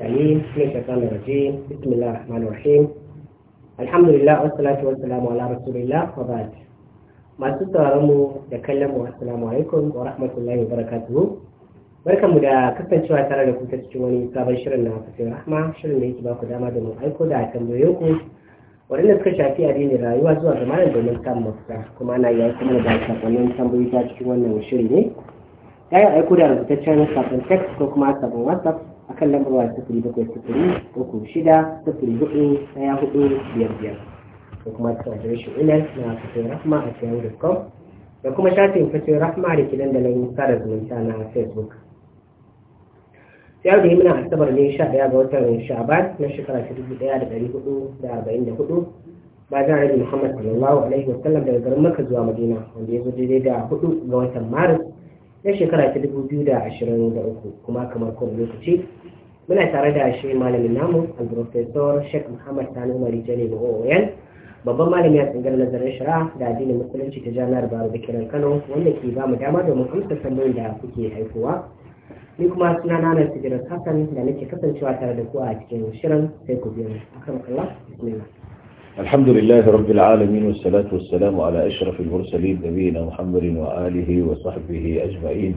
الرحيم من الشيطان الرجيم بسم الله الرحمن الرحيم الحمد لله والصلاة والسلام على رسول الله وبعد masu sauraronmu da kallon mu assalamu alaikum wa rahmatullahi wa barakatuhu barkanmu da kasancewa tare da ku cikin wani sabon shirin na fasin rahma shirin da yake ba ku dama da mu aiko da tambayoyin ku waɗanda suka shafi addinin rayuwa zuwa ga malam domin samun mafita kuma ana yi kuma da sakonnin tambayoyi ta cikin wannan shiri ne Ya yi aiko da rubutaccen sabon text ko kuma sakon whatsapp a kan lambarwa sifiri bakwai sifiri uku shida sifiri hudu daya hudu biyar biyar da kuma ta adireshin imel na fatoyin rahma a cikin da kuma shafin fatoyin rahma da ke dandalin sada zumunta na facebook yau da yi muna asabar ne sha daya ga watan sha'aban na shekara ta dubu daya da dari hudu da arba'in da hudu ba za a yi muhammad sallallahu alaihi wasallam daga garin maka zuwa madina wanda ya zo daidai da hudu ga watan maris na shekara ta dubu biyu da ashirin da uku kuma kamar kowane lokaci muna tare da shi malamin namu alprofesor sheikh muhammad sani umar jani oyan babban malami a tsangar nazarin shari'a da addinin musulunci ta jami'ar baro da kiran kano wanda ke ba mu dama domin amsa tambayoyin da kuke haifuwa ni kuma suna na nan hassan da nake kasancewa tare da ku a cikin shirin sai ku biyo akan kallon bismillah الحمد لله رب العالمين والصلاة والسلام على أشرف المرسلين نبينا محمد وآله وصحبه أجمعين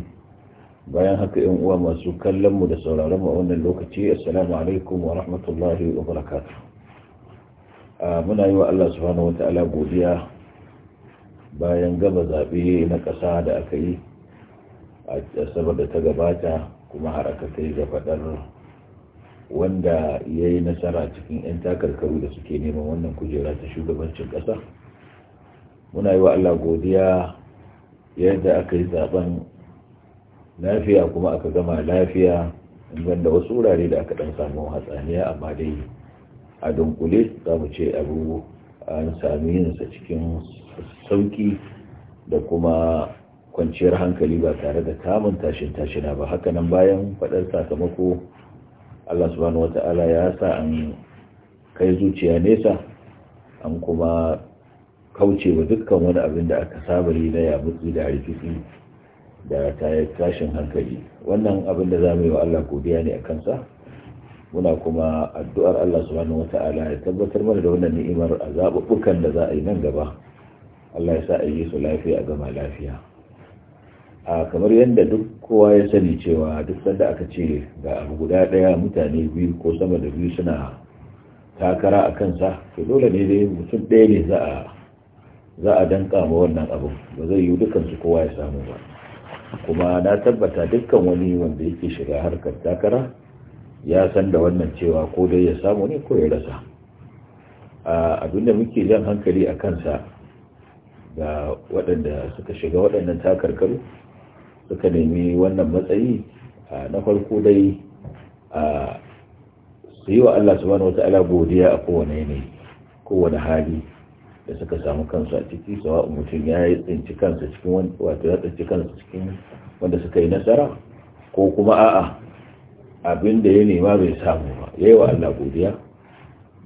bayan haka ‘yan uwa masu kallonmu da sauraron a wannan lokaci assalamu alaikum wa rahmatullahi wa barakatu muna yi wa Allah subhanahu wa ta’ala godiya bayan gaba zaɓe na ƙasa da aka yi a saboda ta gabata kuma har aka ta da faɗar wanda ya yi nasara cikin 'yan takarkaru da suke neman wannan kujera ta shugabancin ƙasa muna yi wa allah godiya yadda aka yi zaben lafiya kuma aka gama lafiya da wasu wurare da aka ɗan samu hatsaniya amma dai a dunkule za mu ce abu an sami yinsa cikin sauki da kuma kwanciyar hankali ba tare da kamun tashin tashina ba hakanan bayan faɗar sakamako Allah subhanahu wata'ala ya sa an kai zuciya nesa an kuma kauce wa dukkan wani abin da aka saba yi na yabutsi da harfifi da tashin hankali wannan abin da za mu yi wa Allah godiya ne a kansa muna kuma addu'ar Allah subhanahu wata'ala ya tabbatar mana da wannan ni'imar a zaɓuɓɓukan da za a yi nan gaba Allah ya sa a yi su lafiya a gama lafiya a kamar yadda duk kowa ya sani cewa duk sanda aka ce ga abu guda daya mutane biyu ko sama da biyu suna takara a kansa to dole ne dai mutum ɗaya ne za a dan kama wannan abu ba zai yi dukansu kowa ya samu ba kuma na tabbata dukkan wani wanda yake shiga harkar takara ya san da wannan cewa ko dai ya samu ne ko ya rasa a abinda muke jan hankali a kansa ga waɗanda suka shiga waɗannan takarkaru suka nemi wannan matsayi na farko dai su yi wa Allah su wata ala godiya a kowane ne kowane hali da suka samu kansu a ciki sawa mutum ya yi tsinci kansa cikin wato ya tsinci kansu cikin wanda suka yi nasara ko kuma a'a abin da ya nema bai samu ba yi wa Allah godiya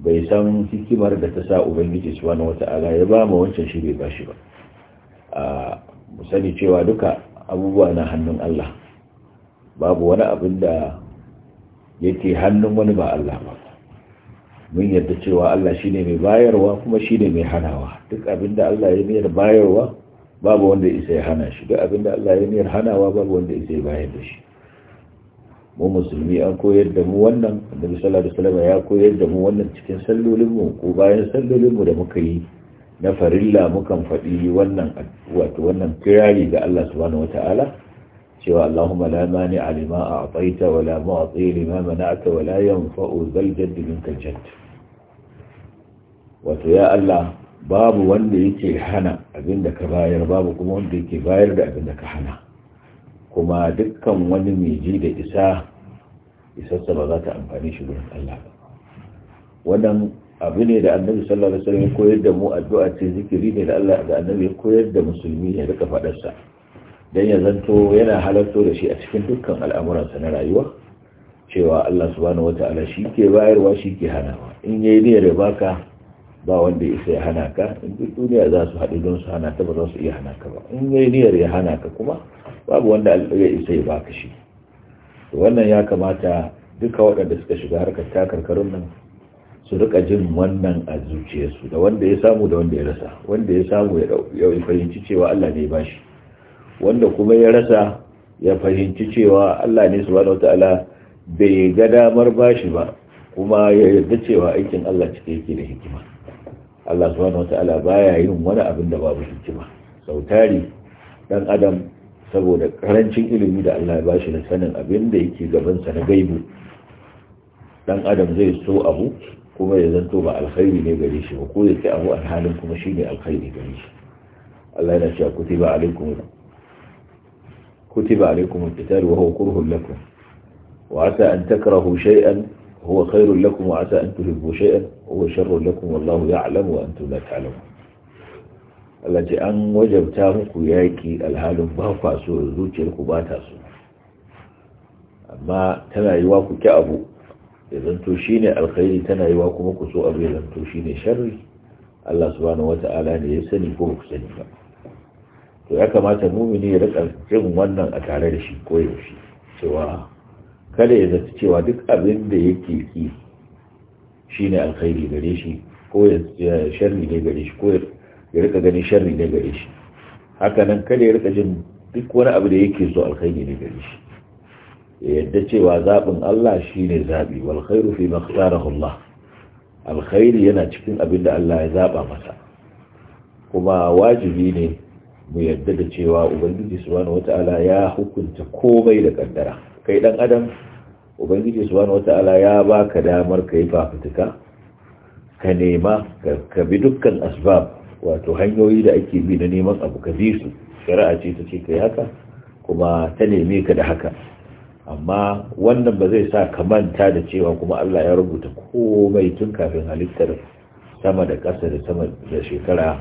bai san hikimar da ta sa ubangiji wata ala ya ba ma wancan shi bai ba shi ba a mu sani cewa duka abubuwa na hannun Allah babu wani abin da yake hannun wani ba Allah ba mun yadda cewa Allah shine mai bayarwa kuma shine mai hanawa duk abin da Allah ya niyar bayarwa babu wanda isa ya hana shi duk abin da Allah ya niyar hanawa babu wanda isa ya bayar da shi mu musulmi an koyar da mu wannan annabi sallallahu alaihi wasallam ya koyar da mu wannan cikin sallolin mu ko bayan sallolin mu da muka yi na farilla mukan faɗi wannan wato wannan kirari ga Allah subhanahu wata'ala cewa Allahumma la mani alima a'taita wa a mu'ti lima mana'ta wa la yanfa'u zal jadd minkal wato ya Allah babu wanda yake hana abinda ka bayar babu kuma wanda yake bayar da abinda ka hana kuma dukkan wani mai ji da isa isassa ba za ta amfani shi wurin Allah ba abu ne da annabi sallallahu alaihi wasallam ya koyar da mu addu'a ce zikiri ne da Allah da annabi ya koyar da musulmi ya rika fadar sa dan ya zanto yana halarto da shi a cikin dukkan al'amuransa na rayuwa cewa Allah subhanahu wataala shi ke bayarwa shi ke hanawa in yayi ne da baka ba wanda ya sai hana ka in duk duniya za su haɗu don su hana ta ba za su iya hana ka ba in yayi niyyar ya hana ka kuma babu wanda ya isa ya baka shi wannan ya kamata duka waɗanda suka shiga harkar takarkarun nan su rika jin wannan a zuciyarsu da wanda ya samu da wanda ya rasa wanda ya samu ya fahimci cewa Allah ne ba shi wanda kuma ya rasa ya fahimci cewa Allah ne subhanahu wataala bai ga damar bashi ba kuma ya yarda cewa aikin Allah cike yake da hikima Allah subhanahu wataala baya yin wani abin da babu hikima sautari dan adam saboda karancin ilimi da Allah ya bashi na sanin abin da yake gabansa na gaibu dan adam zai so abu kuma ya zanto ba alkhairi ne gare shi ba ko ya ce abu alhalin kuma shi ne alkhairi gare shi Allah yana cewa kutiba alaikum kutiba alaikum alqital wa huwa kurhun lakum wa asa an takrahu shay'an huwa khairun lakum wa asa an tuhibbu shay'an huwa sharrun lakum wallahu ya'lamu wa antum la ta'lamun Allah ce an wajabta muku yaki alhalin ba kwa so zuciyarku ba ta so amma tana yi wa ku ki abu ya zanto ne alkhairi tana wa kuma ku so abu ya zanto ne sharri Allah subhanahu ta'ala ne ya sani ko ku sani ba to ya kamata mumini ya rika jin wannan a tare da shi ko yaushe cewa kada ya zata cewa duk abin da yake ki ne alkhairi gare shi ko ya sharri ne gare shi ko ya rika ganin sharri ne gare shi haka nan kada ya rika jin duk wani abu da yake so alkhairi ne gare shi yadda cewa zaɓin Allah shi ne zaɓi wal khairu fi makhtarahu Allah alkhairi yana cikin abin da Allah ya zaɓa masa kuma wajibi ne mu yadda da cewa ubangiji subhanahu wata'ala ya hukunta komai da kaddara kai dan adam ubangiji subhanahu wata'ala ya baka damar ka yi fafutuka ka nema ka bi dukkan asbab wato hanyoyi da ake bi na neman abu ka bi su shari'a ce ta ce kai haka kuma ta neme ka da haka amma wannan ba zai sa ka manta da cewa kuma Allah ya rubuta komai tun kafin halittar sama da ƙasa da sama da shekara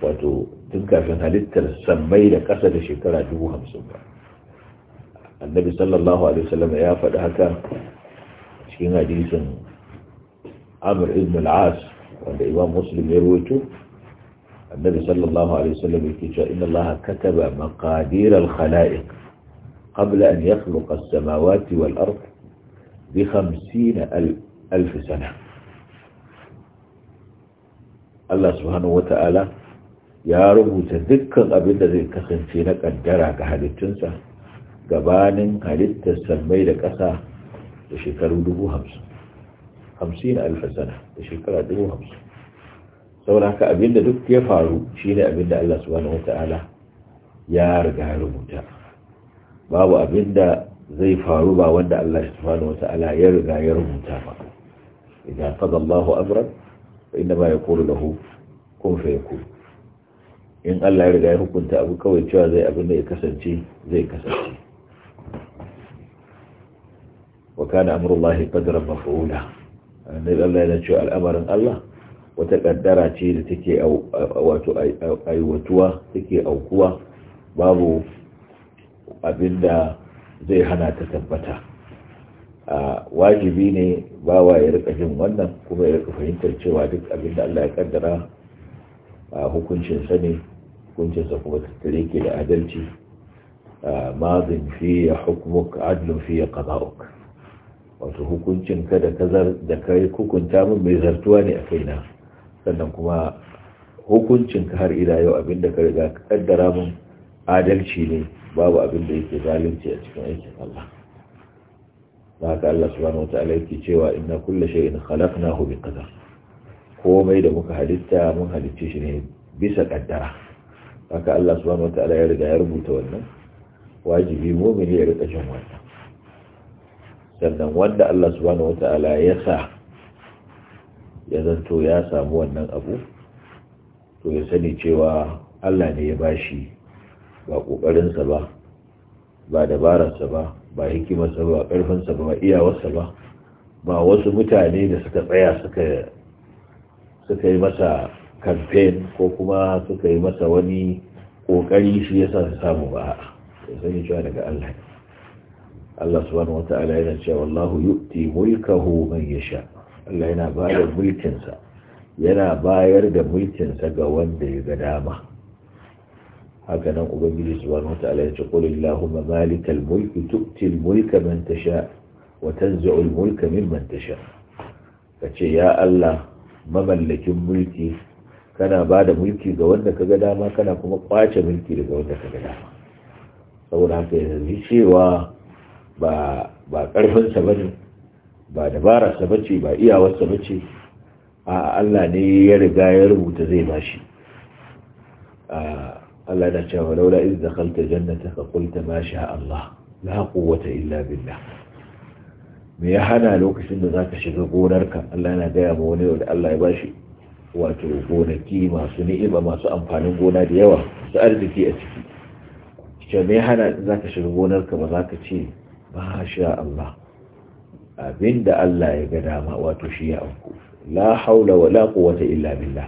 wato tun kafin halittar samai da ƙasa da shekara dubu hamsin ba annabi sallallahu alaihi wasallam ya faɗi haka cikin hadisin amr ibn al-as wanda imam muslim ya rawaito annabi sallallahu alaihi wasallam yake cewa inna allaha kataba maqadir al-khalaiq قبل أن يخلق السماوات والأرض بخمسين ألف سنة الله سبحانه وتعالى يا رب تذكر أبي الذي كخن في لك الجرع كهذه التنسى قبان هلت تسمي لك أخا تشكروا له همس خمسين ألف سنة تشكروا دبو همس سولا كأبي الذي كيفارو شين أبي الله سبحانه وتعالى يا رب تذكر babu abin da zai faru ba wanda Allah subhanahu wata'ala ya riga ya rubuta ba idan qada Allahu amran fa inna ma yaqulu lahu kun fayakun in Allah ya riga ya hukunta abu kawai cewa zai abin da ya kasance zai kasance wa kana amrullahi qadran maf'ula annabi Allah yana cewa al'amarin Allah wata ƙaddara ce da take wato aiwatuwa take aukuwa babu abinda zai hana ta tabbata wajibi ne bawa ya rika jin wannan kuma ya rika fahimtar cewa duk abinda Allah ya kaddara hukuncinsa ne hukuncinsa kuma tattare ke da adalci mazin fiye hukumuk adlun fiye qada'uk wato hukuncin ka da kazar da kai hukunta min mai zartuwa ne a kaina sannan kuma hukuncin ka har ila yau abinda ka riga ka kaddara min adalci ne babu abin da yake zalunci a cikin aikin Allah Ba haka Allah subhanahu wataala yake cewa inna kulla shay'in khalaqnahu bi qadar komai da muka halitta mun halicce shi ne bisa kaddara haka Allah subhanahu wataala ya riga ya rubuta wannan wajibi mu'mini ya rika jin wannan sannan wanda Allah subhanahu wataala ya sa ya zanto ya samu wannan abu to ya sani cewa Allah ne ya bashi ba ƙoƙarinsa ba ba dabararsa ba ba hikimarsa ba ƙarfinsa ba iyawarsa ba ba wasu mutane da suka tsaya suka yi masa kamfen ko kuma suka yi masa wani ƙoƙari shi ya sa su samu ba a sani cewa daga Allah Allah subhanahu wa ta'ala yana cewa wallahu yu'ti mulkahu man yasha Allah yana bayar mulkinsa yana bayar da mulkinsa ga wanda ya ga dama haka nan ubangiji subhanahu wataala ya ce qul ma malikal mulki tu'ti al mulka man tasha wa tanzi'u al mulka mimman tasha kace ya Allah mamallakin mulki kana bada mulki ga wanda kaga dama kana kuma kwace mulki daga wanda kaga dama saboda haka ya zai cewa ba ba karfinsa bane ba dabara dabararsa bace ba iyawar iyawarsa bace a Allah ne ya riga ya rubuta zai bashi a ah, Allah na cewa laula iz dakhalta jannata fa qulta ma sha Allah la quwwata illa billah me ya hana lokacin da zaka shiga gonarka Allah yana gaya ma wani da Allah ya bashi wato gonaki masu ni'ima masu amfanin gona da yawa su arziki a ciki ce me ya hana zaka shiga gonarka ba zaka ce ma sha Allah abinda Allah ya ga dama wato shi ya auku la haula wala quwwata illa billah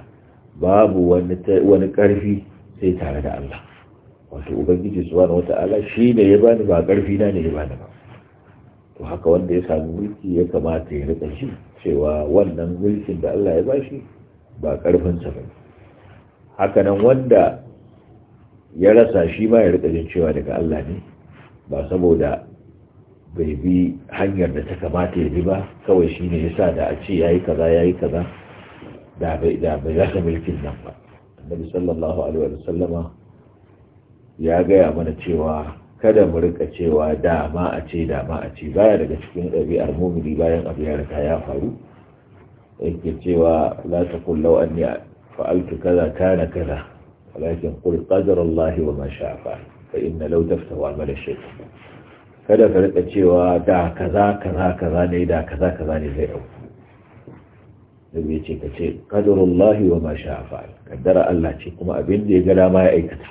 babu wani wani karfi sai tare da Allah wato ubangiji subhanahu wata'ala shi ne ya bani ba karfi na ne ya bani ba to haka wanda ya sami mulki ya kamata ya rika shi cewa wannan mulkin da Allah ya bashi ba karfinsa ba haka nan wanda ya rasa shi ma ya rika jin cewa daga Allah ne ba saboda bai bi hanyar da ta kamata ya bi ba kawai shi ne ya sa da a ce ya yi kaza ya yi kaza da bai rasa mulkin nan ba annabi sallallahu alaihi wa ya gaya mana cewa kada mu rika cewa dama a ce dama a ce baya daga cikin ɗabi'ar mumini bayan abu ya rika ya faru yake cewa la taqul law anni fa'altu kaza kana kaza walakin qul qadara Allah wa ma sha'a ka fa inna law taftahu amal kada ka rika cewa da kaza kaza kaza ne da kaza kaza ne zai auku nabi ce ka ce wa Allah ce kuma abin da ya ga ya aikata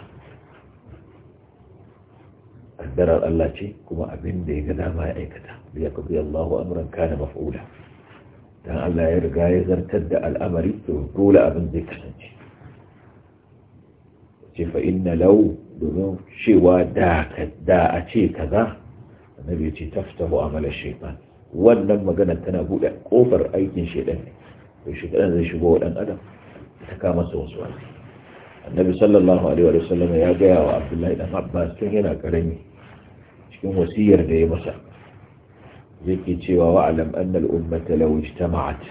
Allah ce kuma abin da ya ya aikata Allahu maf'ula dan Allah ya riga ya zartar da al'amari to dole abin zai kasance ce fa inna domin cewa da a ce kaza ce taftahu amala shaytan wannan magana tana buɗe ƙofar aikin shaytan ne ويشغلان ذي شبوه الأن أدم تكامس وصوان النبي صلى الله عليه وسلم يا جاء وعبد الله إذا عباس تهينا كريمي شكو وسير ذي مسا ذكي تشيوا واعلم أن الأمة لو اجتمعت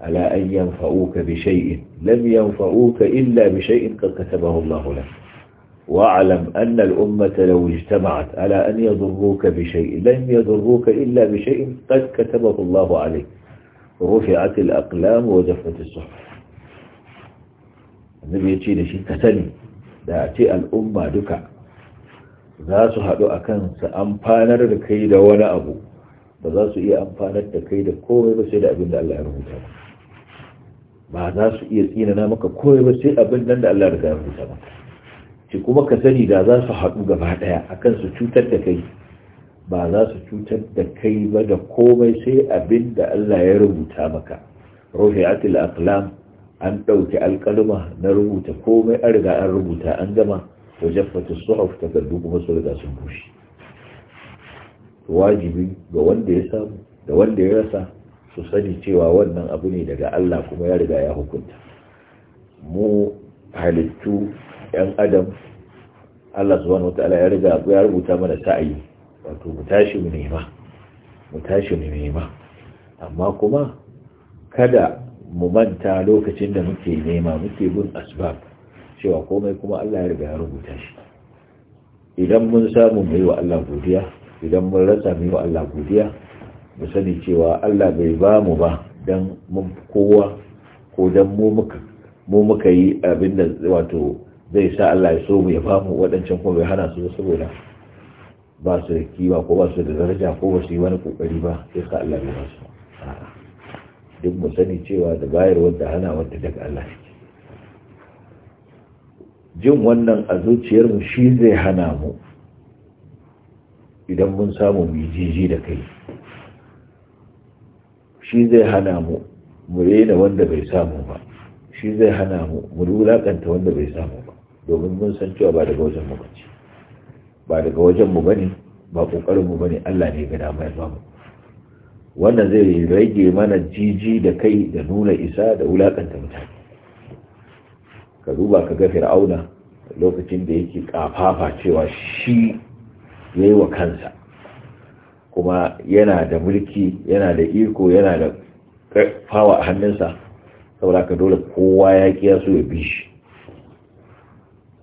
على أن ينفعوك بشيء لم ينفعوك إلا بشيء قد كتبه الله لك واعلم أن الأمة لو اجتمعت على أن يضروك بشيء لم يضروك إلا بشيء قد كتبه الله عليك rufi'at al-aqlam wa jaffat as-suhuf annabi yace da shi ka sani da a ce al'umma duka za su haɗu a kansa amfanar da kai da wani abu ba za su iya amfanar da kai da komai ba sai da abin da Allah ya rubuta ba za su iya tsinana maka komai ba sai abin nan da Allah ya rubuta ba. ci kuma ka sani da za su haɗu gaba ɗaya akan su cutar da kai ba za su cutar da kai ba da komai sai abin da Allah ya rubuta maka rufi'atul aqlam an ɗauki alkalma na rubuta komai an riga an rubuta an gama to jaffata suhuf takardu kuma su riga sun bushe wajibi ga wanda ya samu da wanda ya rasa su sani cewa wannan abu ne daga Allah kuma ya riga ya hukunta mu halittu yan adam Allah subhanahu ya riga ya rubuta mana sa'ayi wato mu tashi mu nema mu tashi mu nema amma kuma kada mu manta lokacin da muke nema muke bin asbab cewa komai kuma Allah ya riga ya rubuta shi idan mun samu mu yi wa Allah godiya idan mun rasa mu yi wa Allah godiya mu sani cewa Allah bai ba mu ba dan mun kowa ko dan mu muka mu muka yi abin da wato zai sa Allah ya so mu ya ba mu waɗancan kuma bai hana su saboda ba su da kiwa ko ba su da daraja ko ba su yi wani kokari ba sai ka Allah ya basu duk mu sani cewa da bayar wanda hana wanda daga Allah jin wannan a mu shi zai hana mu idan mun samu mijiji da kai shi zai hana mu mu rena wanda bai samu ba shi zai hana mu mu kanta wanda bai samu ba domin mun san cewa ba daga wajen muka ce ba daga wajen mu bane ba kokarin mu bane Allah ne ga dama ya mu wannan zai rage mana jiji da kai da nuna isa da wulaƙanta mutane ka duba ka ga fir'auna lokacin da yake ƙafafa cewa shi yayi wa kansa kuma yana da mulki yana da iko yana da fawa a hannunsa saboda ka dole kowa ya kiya ya bi shi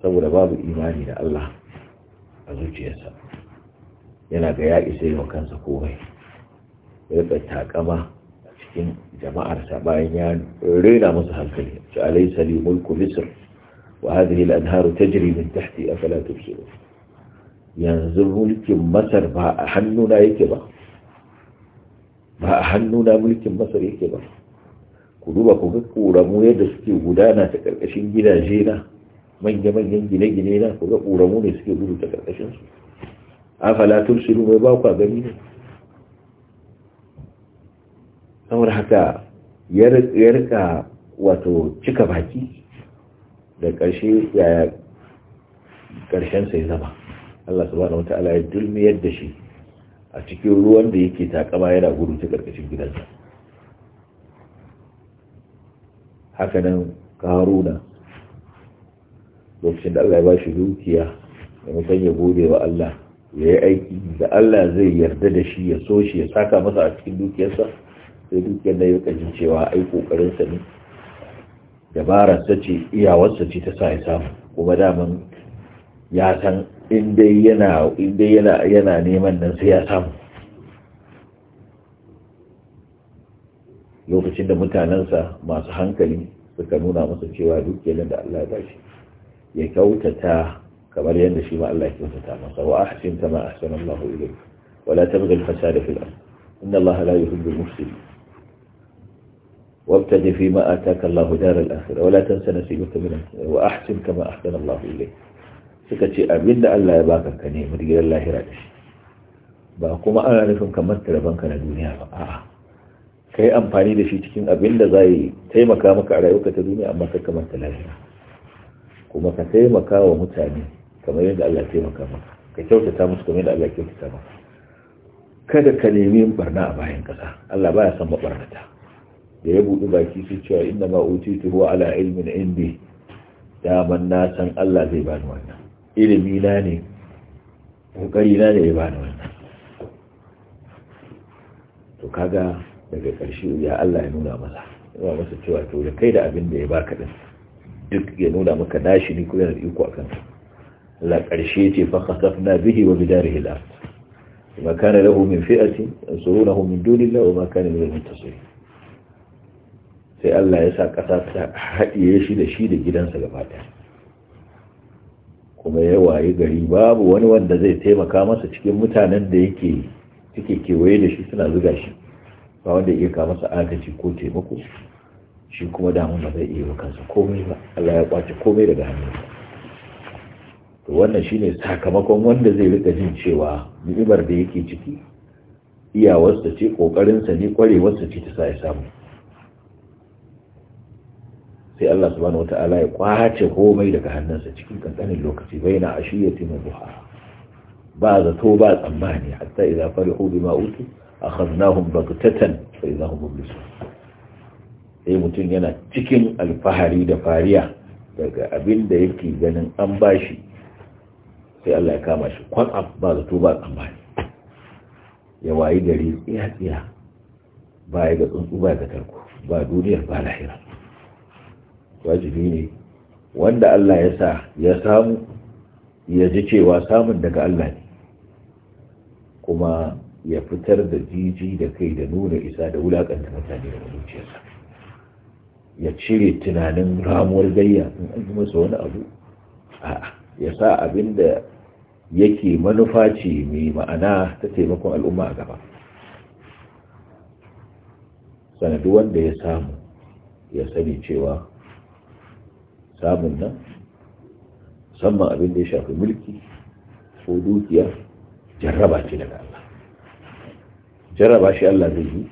saboda babu imani da Allah a zuciyarsa yana ga ya isa yi wa kansa komai ya rika takama a cikin jama'arsa bayan ya rena masa hankali ci alai sali mulku misir wa hadhihi al-anharu tajri min tahti afala tubsiru yanzu mulkin masar ba a hannuna yake ba ba a hannuna mulkin masar yake ba ku duba ku ga ƙoramu yadda suke gudana ta ƙarƙashin gidaje na manya-manyan gine-gine na kuga ƙoramu ne suke gudu ta ƙarƙashinsu a falatun shiru mai ba kwa gani ne saboda haka ya rika wato cika baki da ƙarshe yaya ƙarshensa ya zama Allah subhanahu wata'ala ya dulmi da shi a cikin ruwan da yake takama yana gudu ta ƙarƙashin gidansa hakanan nan karuna lokacin da Allah ya bashi shi dukiya maimakon ya gode wa Allah ya yi aiki da Allah zai yarda da shi ya so shi ya saka masa a cikin dukiyarsa sai dukiyar da ya kajin cewa ai kokarinsa ne dabararsa ce iyawarsa ce ta sa ya samu kuma daman ya san in dai yana neman nan sai ya samu lokacin da mutanensa masu hankali suka nuna masa cewa dukiyar da Allah ya bashi. ya kyautata kamar yadda shi ma Allah ya kyautata masa wa ahsin kama ahsana Allah ilayk wa la tabghi al-fasada fil ard inna Allah la yuhibbu al-mufsidin وابتغ فيما آتاك الله دار الآخرة ولا تنس نصيبك منه وأحسن كما أحسن الله إليك suka ce abin da Allah ya baka ka ne murgirar lahira da ba kuma ana nufin kamar tarabanka na duniya ba a'a ka yi amfani da shi cikin abin da za taimaka maka a rayuwarka ta duniya amma ka kamar ta lahira kuma ka taimaka wa mutane kamar yadda Allah ya taimaka maka ka kyautata musu kamar yadda Allah ya kyautata maka kada ka nemi barna a bayan kasa Allah baya san mabarnata da ya buɗe baki sai cewa inna ma utitu huwa ala ilmin indi daman na san Allah zai bani wannan ilimi na ne kokari na ne ya bani wannan to kaga daga ƙarshe ya Allah ya nuna masa ya masa cewa to da kai da abin da ya baka din duk ya nuna maka nashi ne ko yana da iko a kansa la karshe ce fa khasafna bihi wa bidarihi al ma kana lahu min fi'ati yansurunahu min dunillahi wa ma kana min al sai Allah ya sa kasa ta haɗiye shi da shi da gidansa gaba ta kuma ya waye gari babu wani wanda zai taimaka masa cikin mutanen da yake suke kewaye da shi suna zuga shi ba wanda ya kawo masa agaji ko taimako shi kuma damun ba zai iya kansa komai ba Allah ya kwace komai daga hannunsa to wannan shine sakamakon wanda zai rika jin cewa ni'imar da yake ciki iyawarsa ce sa ne kwarewarsa ce ta sa samu sai Allah subhanahu wata'ala ya kwace komai daga hannunsa cikin kankanin lokaci baina ashiyati wa buha ba zato ba tsammani hatta idza farihu bima utu akhadnahum baghtatan fa idza hum mublisun sai mutum yana cikin alfahari da fariya daga abin da yake ganin an bashi sai Allah ya kama shi kwatsam ba to ba tsammani ya wayi gari iya tsira, ba ya ga tsuntsu ba ya ga tarko ba duniyar ba lahira wajibi ne wanda Allah ya sa ya samu ya ji cewa samun daga Allah ne kuma ya fitar da jiji da kai da nuna isa da wulakanta mutane da zuciyarsa ya cire tunanin ramuwar gayya in an yi masa wani abu a'a ya sa abin da yake manufa ce mai ma'ana ta taimakon al'umma a gaba sanadu wanda ya samu ya sani cewa samun nan musamman abin da ya shafi mulki ko dukiya jarraba ce daga Allah jarraba shi Allah zai yi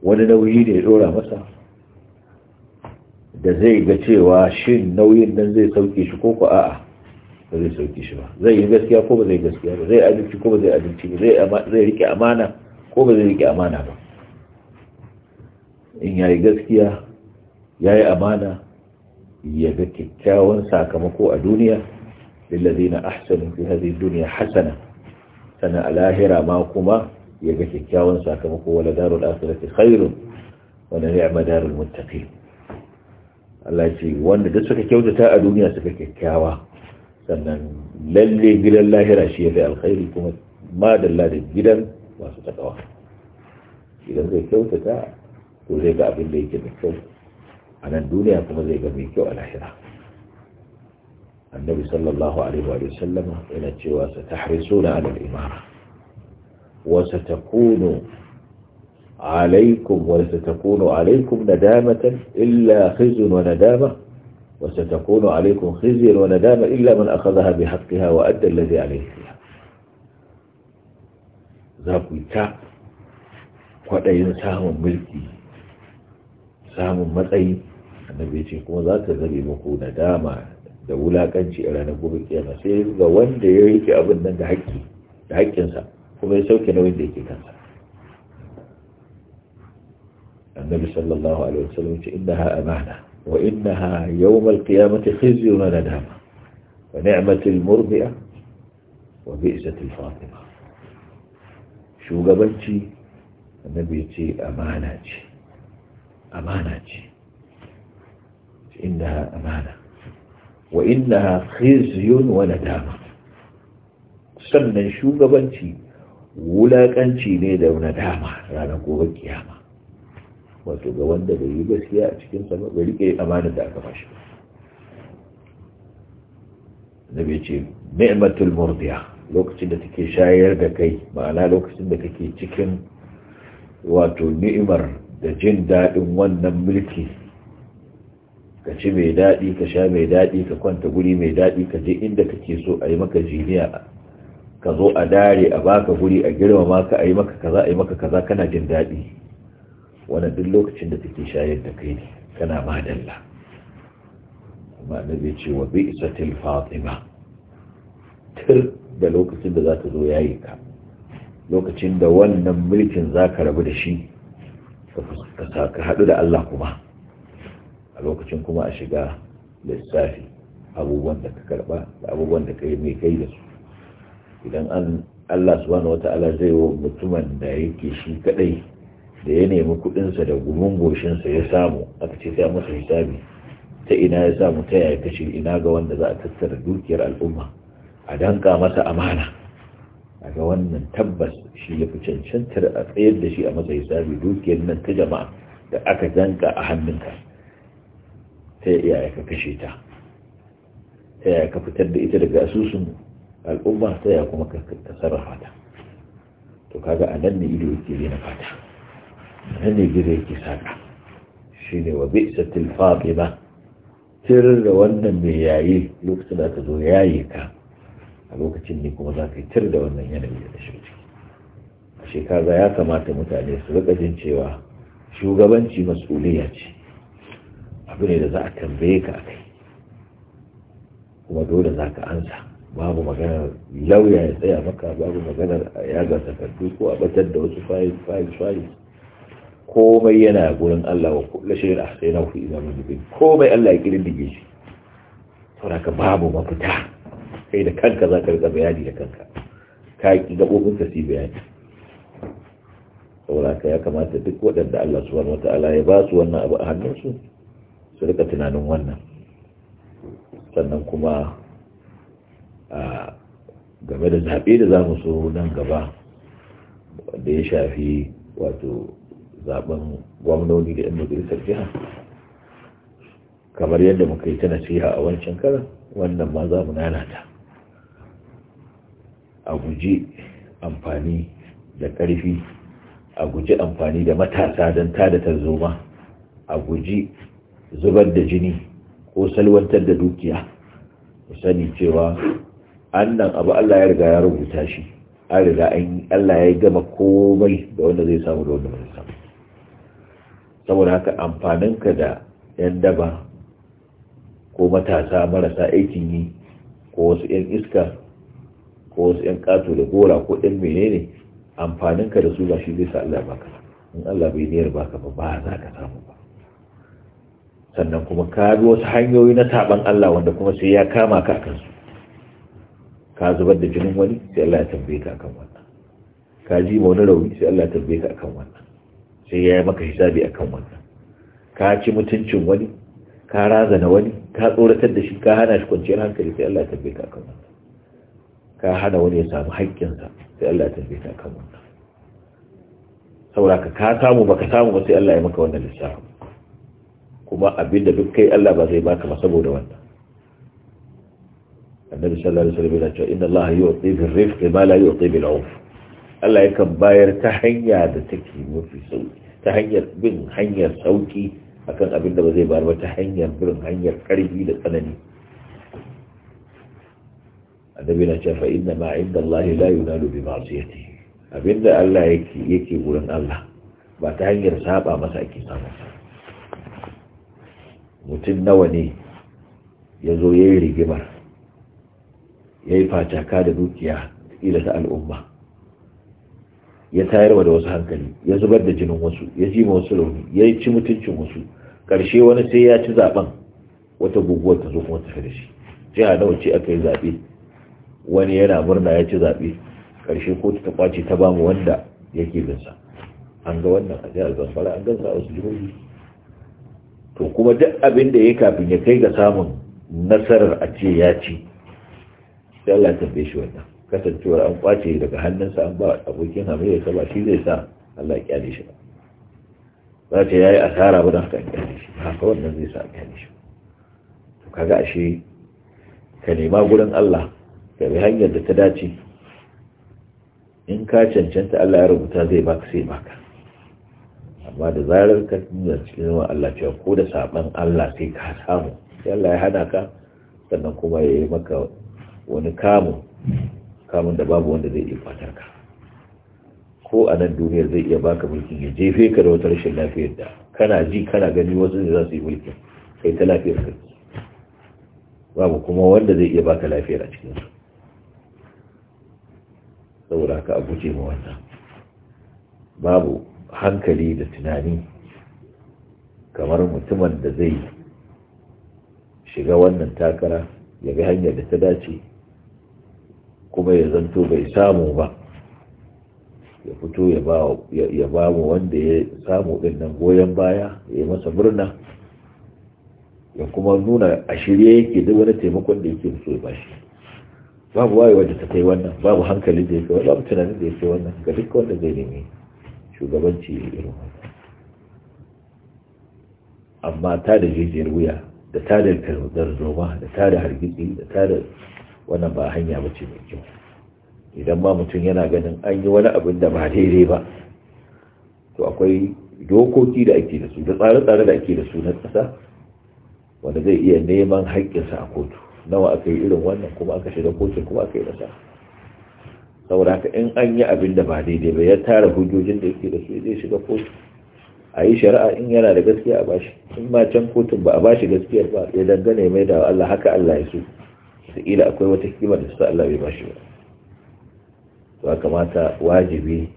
wani nauyi da ya dora masa da zai ga cewa shin nauyin nan zai sauke shi ko ko a'a ba zai sauke shi ba zai yi gaskiya ko ba zai gaskiya ba zai adalci ko ba zai adalci ba zai rike amana ko ba zai rike amana ba in yayi gaskiya yayi amana ya ga kyakkyawan sakamako a duniya na ahsanu fi hadhihi dunya hasana sana alahira ma kuma ya ga kyakkyawan sakamako wala darul akhirati khairun wa ni'ma darul muttaqin Allah ce wanda da suka kyautata a duniya suka kyakkyawa sannan lalle gidan lahira shi ya fi alkhairi kuma madalla da gidan masu takawa idan zai kyautata to zai ga abin da yake da kyau a nan duniya kuma zai ga mai kyau a lahira annabi sallallahu alaihi wa sallama yana cewa sa tahrisuna ala al-imara ta satakunu عليكم وستكون عليكم ندامة إلا خزي وندامة وستكون عليكم خزي وندامة إلا من أخذها بحقها وأدى الذي عليه فيها ذاكو يتعب قد ينساهم ملكي ساهم مطعي النبي تقول ذات ذلك مكو ندامة دولا كنشي إلى نقوم بكيانا سيبقى وان ديريك أبنان دحكي دحكي ينسا وما يسوكي نوين ديكي كنسا النبي صلى الله عليه وسلم إنها أمانة وإنها يوم القيامة خزي وندامة ونعمة المربئة وبئسة الفاطمة شو قبلتي النبي تي أمانة أمانة إنها أمانة وإنها خزي وندامة سنن شو قبلتي ولا كانت نيدا وندامة رانا قوة قيامة wato ga wanda bai yi gaskiya a cikin sama bai rike amanar da aka bashi bai ce ni'matul murdiya lokacin da take shayar da kai ma'ana lokacin da kake cikin wato ni'imar da jin daɗin wannan mulki ka ci mai daɗi ka sha mai daɗi ka kwanta guri mai daɗi ka je inda kake so a yi maka jiniya ka zo a dare a baka guri a girma maka a yi maka kaza a yi maka kaza kana jin daɗi wani duk lokacin da take shayar da kai ne kana ma dalla amma zai ce wa bi isatil fatima tur da lokacin da za ta zo yayi ka lokacin da wannan mulkin za ka rabu da shi ka haɗu da Allah kuma a lokacin kuma a shiga lissafi abubuwan da ka karɓa da abubuwan da ka yi mai kai da su idan an Allah subhanahu ta'ala zai wa mutumin da yake shi kaɗai. da ya nemi sa da gumin goshinsa ya samu aka ce sai masa hisabi ta ina ya samu ta yaya kashe ina ga wanda za a tattara dukiyar al'umma a danka masa amana a ga wannan tabbas shi ya fi cancantar a tsayar da shi a masa hisabi dukiyar nan ta jama'a da aka danka a hannunka ta yaya ka kashe ta ta yaya ka fitar da ita daga asusun al'umma ta yaya kuma ka sarrafa ta to kaga a nan ne ido yake na fata nan ne ki saka shi ne wa bisa tilfafi ba tirar da wannan mai yayi lokacin da ka zo yaye ka a lokacin ne kuma za ka yi tir da wannan yanayi da shi ciki a shekara ya kamata mutane su rika jin cewa shugabanci mas'uliya ce abu ne da za a tambaye ka a kai kuma dole za ka ansa babu maganar lauya ya tsaya maka babu maganar ya ga takardu ko a batar da wasu fayil fayil fayil komai yana gurin Allah wa kullu shay'in ahsaynahu fi imamin mubin komai Allah ya dige shi saboda ka babu mafita kai da kanka za ka riga bayani da kanka ka yi gabobin ka si bayani saboda ka ya kamata duk waɗanda Allah subhanahu wata'ala ya ba su wannan abu a hannunsu su rika tunanin wannan sannan kuma a game da zaɓe da za mu so nan gaba da ya shafi wato zaben gwamnoni da 'yan majalisar jiha kamar yadda muka yi ta nasiha a wancan karan wannan ma za mu nanata a guji amfani da ƙarfi a guji amfani da matasa don tada tarzoma a guji zubar da jini ko salwantar da dukiya mu sani cewa annan abu Allah ya riga ya rubuta shi an riga Allah ya gama komai da wanda zai samu da wanda bai samu saboda haka amfaninka da 'yan daba ko matasa marasa aikin yi ko wasu 'yan iska ko wasu 'yan kato da gora ko 'yan menene amfaninka da su ba shi zai sa Allah baka in Allah bai niyar baka ba ba za ka samu ba sannan kuma ka bi wasu hanyoyi na taban Allah wanda kuma sai ya kama ka akan su ka zubar da jinin wani sai Allah ya tambaye ka akan wannan ka ji ma wani rauni sai Allah ya tambaye ka akan wannan sai ya yi maka hisabi a kan wannan ka ci mutuncin wani ka razana wani ka tsoratar da shi ka hana shi kwanciyar hankali sai Allah ya tambaye ka kan wannan ka hana wani ya samu haƙƙinsa sai Allah ya tambaye ka kan wannan saboda ka ka samu baka samu ba sai Allah ya maka wannan lissafi kuma abinda duk kai Allah ba zai baka ba saboda wannan annabi sallallahu alaihi wasallam ya ce inna Allah yu'ti bil rifqi ma la yu'ti bil 'urf Allah yakan bayar ta hanya da take mafi sauki ta hanyar bin hanyar sauki akan abin da ba zai bayar ba ta hanyar bin hanyar karfi da tsanani annabi na ce fa inna ma inda Allah la yunalu bi ma'siyati abinda Allah yake yake gurin Allah ba ta hanyar saba masa ake samu mutum nawa ne ya zo ya yi rigimar ya yi fataka da dukiya ila ta al'umma ya tayarwa da wasu hankali ya zubar da jinin wasu ya ji wasu rauni ya yi ci mutuncin wasu karshe wani sai ya ci zaben wata guguwar ta zo kuma fi da shi jiha nawa ce aka yi zaɓe wani yana murna ya ci zaɓe karshe kotu ta ƙwace ta bamu wanda yake bin sa an ga wannan a jihar zamfara an gansa a wasu jihohi to kuma duk abin da ya kafin ya kai ga samun nasarar a ce ya ci sai Allah ya tambaye shi wannan kasancewar an kwace daga hannunsa an ba abokin hamayya ta ba shi zai sa Allah ya kyale shi ba za ta yayi asara ba haka an kyale shi haka wannan zai sa an kyale shi to kaga ashe ka nema gurin Allah ka bi hanyar da ta dace in ka cancanta Allah ya rubuta zai baka sai baka amma da zarar ka nuna cikin wa Allah cewa ko da saban Allah sai ka samu sai Allah ya hana ka sannan kuma ya yi maka wani kamun kamun da babu wanda zai iya fatar ka ko a nan duniyar zai iya baka mulkin ya jefe ka da wata rashin lafiyar da kana ji kana gani wasu ne za su yi mulkin kai ta lafiyar ka babu kuma wanda zai iya baka lafiyar a cikin su saboda ka a guje ma wannan babu hankali da tunani kamar mutumin da zai shiga wannan takara ya ga hanyar da ta dace kuma ya zanto bai samu ba ya fito ya ba mu wanda ya samu ɗin goyon baya ya masa murna ya kuma nuna a shirye yake duk wani taimakon da yake so ba bashi babu wayewa da ta kai wannan babu hankali da yake wannan babu tunanin da yake wannan ga duk wanda zai nemi shugabanci irin wannan amma ta da jijiyar wuya da ta da zoma da ta da hargitsi da ta wannan ba hanya ce mai kyau idan ma mutum yana ganin an yi wani abin da ba daidai ba to akwai dokoki da ake da su da tsare-tsare da ake da su na ƙasa wanda zai iya neman haƙƙinsa a kotu nawa aka yi irin wannan kuma aka shiga kotun kuma aka yi nasa saboda haka in an yi abin da ba daidai ba ya tara hujjojin da yake da su zai shiga kotu a yi shari'a in yana da gaskiya a bashi in ma can kotun ba a bashi gaskiyar ba ya dangane mai da Allah haka Allah ya so wataƙila akwai wata hikima da su Allah bai bashi ba to kamata wajibi